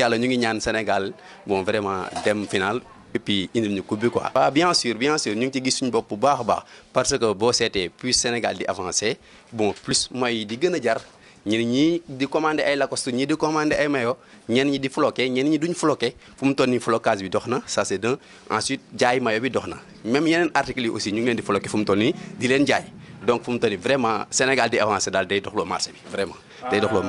yàlla ñu ngi ñaan Sénégal bon vraiment dem final et puis indil ñu coupe bi quoi. waaw bien sûr bien sûr ñu ngi ci gis suñu bopp baax baax parce que boo seetee plus Sénégal di avancer bon plus mooy di gën jar ñi di commander ay lacoste ñi di commander ay maillot ñenn ñi di floqué ñenn ñi duñ floqué fu mu toll nii flocage bi dox na ça c'est d'un ensuite jaay maillot bi dox na même yeneen articles yi aussi ñu ngi leen di floqué fu mu toll nii di leen jaay. donc fu mu toll n vraiment Sénégal day doxloo marché bi vraiment. day doxloo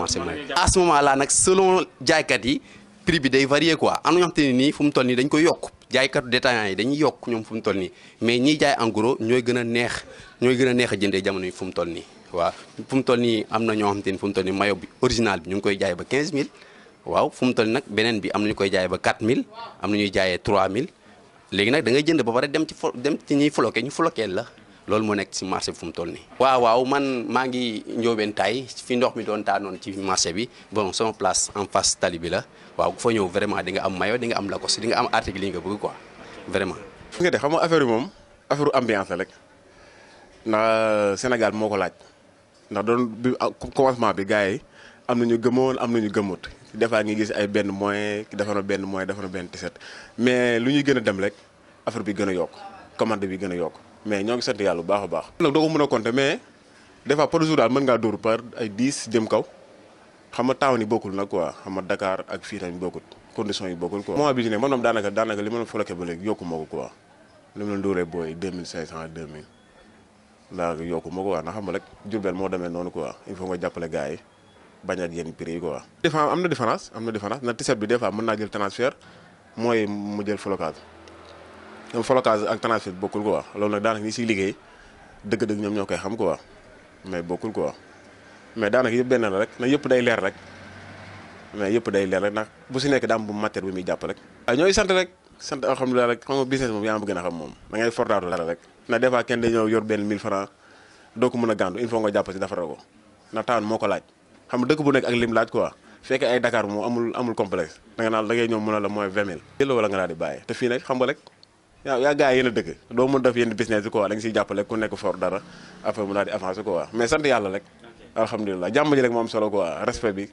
prix bi day varier quoi am na ñoo xam te ne toll nii dañ koy yokk jaaykatu détaillants yi dañuy yokk ñoom fu mu toll nii mais ñiy jaay en gros ñooy gën a neex ñooy a neex jëndee jamono yi fu mu toll nii waaw fu mu toll nii am na ñoo xam te ni fu mu toll nii maillot bi original bi ñu ngi koy jaay ba 15000 waaw fu mu toll nag beneen bi am na ñu koy jaay ba 4000 am na ñuy jaayee 3000 léegi nag da ngay jënd ba pare dem ci dem ci ñuy floqué ñu floqué la loolu moo nekk ci marché bi fu mu toll nii. waaw waaw man maa ngi njóobeen taay fi ndox mi doon taa noon ci marché bi bon sama place en face tali bi la waaw foo ñëw vraiment di nga am maillot di nga am lacoste di nga am article vraiment. nga xam nga moom affaire ambiance la rek euh, Sénégal moo ko laaj ndax doon bi ah, commencement bi gars yi am na ñu gëmoon am na ñu gëmut des fois nga gis ay benn moyen ki defoon benn moyen defoon benn tiset mais lu ñuy gën a dem rek affaire bi gën a yokk commande bi gën a yokk. mais ñoo ngi sant yàlla bu baax a baax. nag doo ko mën a compter mais des par jour daal mën ngaa dóor par ay 10 jëm kaw xam nga taaw ni bokkul nag quoi xam nga Dakar ak fii tamit bokkul condition yi bokkul quoi. moment bi ñu ne daanaka daanaka li ma doon floqué ba léegi yokku ma ko quoi li ma doon dóoree booy 2500 2000 daanaka yokku na xam nga rek Diourbel moo demee noonu quoi il faut nga jàppale gars yi bañ a yenn prix yi quoi. des am na différence am na différence na tiset bi des fois mën naa jël transfert mooy mu jël flocage. ñoom flocage ak transfert bokkul quoi loolu nag daanaka ñi siy liggéey ñoom ñoo koy xam quoi mais bokkul quoi mais daanaka yëpp benn la rek na yëpp day leer rek mais yëpp day leer bu si nekk daam bu matière bi muy jàpp rek. Ah, ñooy sant rek sant alhamdulilah a xam moom da ngay fortaatu dara rek. na des fois kenn day ñëw yor benn 1000 francs doo ko mën a gàndu il faut nga jàpp si defara ko na taan moo ko laaj xam nga dëkk bu nekk ak lim laaj quoi. fekkee ay Dakar moom amul amul complexe danga naan dangay ñëw mën a la mooy vingt mille. jël wala nga daal di bàyyi te fii nag xam nga rek. yaa yaa gars yi yéen a dëkk doo mën def yenn business yi quoi da nga siy jàppale ku nekk for dara affaire mu daal di avancer quoi mais sant yàlla rek. alhamdulilah jàmm ji rek moo am solo quoi respect bi.